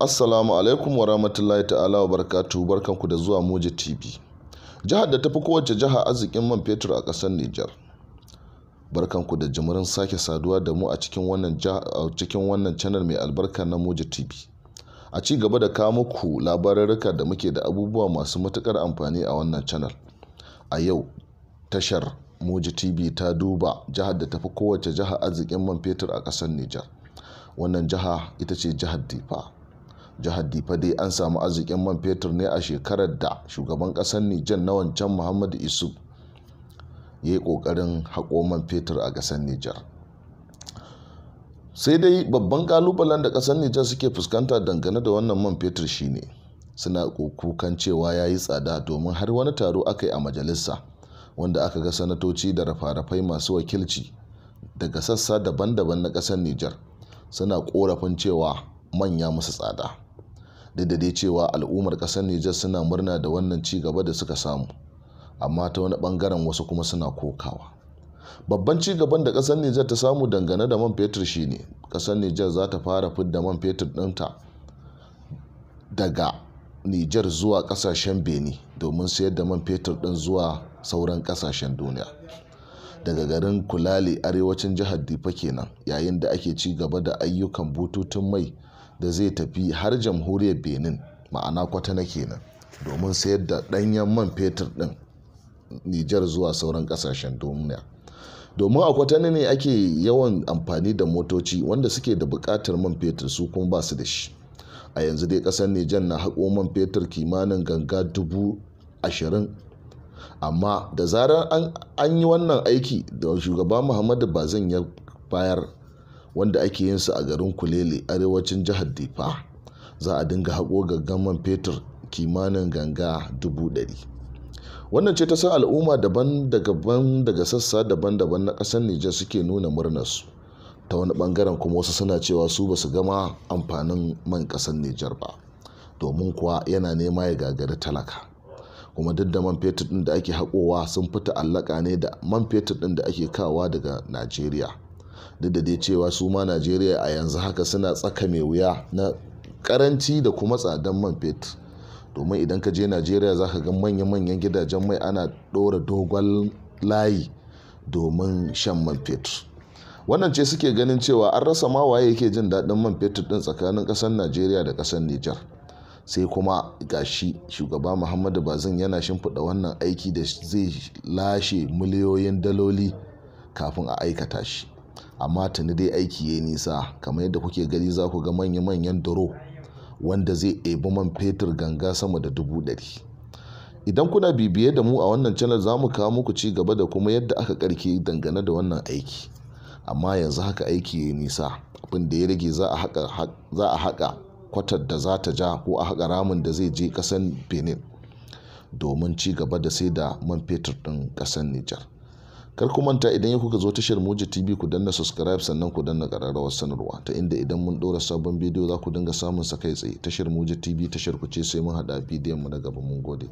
Assalamu alaikum wa rahmatullahi ta'ala wa barkatu. barkanku da zuwa Moja TV. Jihar da tafi kowace jiha arzikin man fetur a ƙasar Nijar. Barkanku da jimirin sake saduwa da mu a cikin wannan cikin channel mai albarka na Moja TV. A ci gaba da kawo muku labarurruka da muke da abubuwa masu matukar amfani a wannan channel. A yau tashar Moja TV ta duba jihar da tafi kowace jiha arzikin man fetur a ƙasar Nijar. Wannan jiha ita ce jihar Difa. jihar difa dai an samu arzikin man fetur ne a shekarar da shugaban ƙasar nijar na wancan muhammadu isu ya yi kokarin haƙo man fetur a ƙasar nijar sai dai babban kalubalen da ƙasar nijar suke fuskanta dangane da wannan man fetur shine suna kukan cewa ya yi tsada domin har wani taro aka yi a majalisa wanda aka ga sanatoci da rafa-rafai masu wakilci daga sassa daban-daban na ƙasar nijar suna korafin cewa manya musu tsada duk da dai cewa al'ummar ƙasar Nijar suna murna da wannan ci gaba da suka samu amma ta wani bangaren wasu kuma suna kokawa babban ci gaban da ƙasar Nijar ta samu dangane da man fetur shine ƙasar Nijar za ta fara fidda man fetur ɗinta daga Nijar zuwa kasashen Benin domin sayar da man fetur ɗin zuwa sauran kasashen duniya daga garin Kulali arewacin jihar Difa kenan yayin da ake ci gaba da ayyukan bututun mai da zai tafi har jamhuriyar benin ma'ana kwatana kenan domin sayar da danyen man fetur ɗin nijar zuwa sauran ƙasashen duniya domin a kwatana ne ake yawan amfani da motoci wanda suke da buƙatar man fetur su kuma ba su da shi a yanzu dai ƙasar nijar na haƙo man fetur kimanin ganga dubu ashirin amma da zarar an yi wannan aiki da shugaba muhammadu bazin ya bayar wanda ake yin su a garin kulele arewacin jihar difa za a dinga haƙo gangan man fetur kimanin ganga dubu ɗari wannan ce ta sa al'umma daban daban daga sassa daban-daban na ƙasar nijar suke nuna murnarsu ta wani ɓangaren kuma wasu suna cewa su ba su gama amfanin man ƙasar nijar ba domin kuwa yana nema ya gagari talaka kuma duk da man fetur ɗin da ake haƙowa sun fita allaka ne da man fetur ɗin da ake kawa daga najeriya duk da dai cewa su ma najeriya a yanzu haka suna tsaka mai wuya na karanci da kuma tsadan man fetur domin idan ka je najeriya za ka ga manya-manyan gidajen mai ana ɗora dogon layi domin shan man fetur wannan ce suke ganin cewa an rasa ma waye yake jin daɗin man fetur ɗin tsakanin ƙasar najeriya da ƙasar nijar sai kuma gashi shugaba muhammadu bazin yana shimfiɗa wannan aiki da zai lashe miliyoyin daloli kafin a aikata shi amma tuni dai aiki ya nisa kamar yadda kuke gani za ku ga manya-manyan duro wanda zai ebi man fetur ganga sama da dubu ɗari idan kuna bibiye da mu a wannan canar za mu kawo muku ci gaba da kuma yadda aka karke dangane da wannan aiki amma yanzu haka aiki ya nisa abin da ya rage za a haka kwatar da za ta ja ko a haka ramin da zai je kasan benin domin ci gaba da sai da man fetur din kasan nijar kar ku manta idan ya kuka zo tashar moja TV ku danna subscribe sannan ku danna ƙararrawar sanarwa ta inda idan mun ɗora sabon bidiyo za ku dinga samun sa kai tsaye tashar moja TV tashar ku ce sai mun haɗa bidiyon mu na gaba mun gode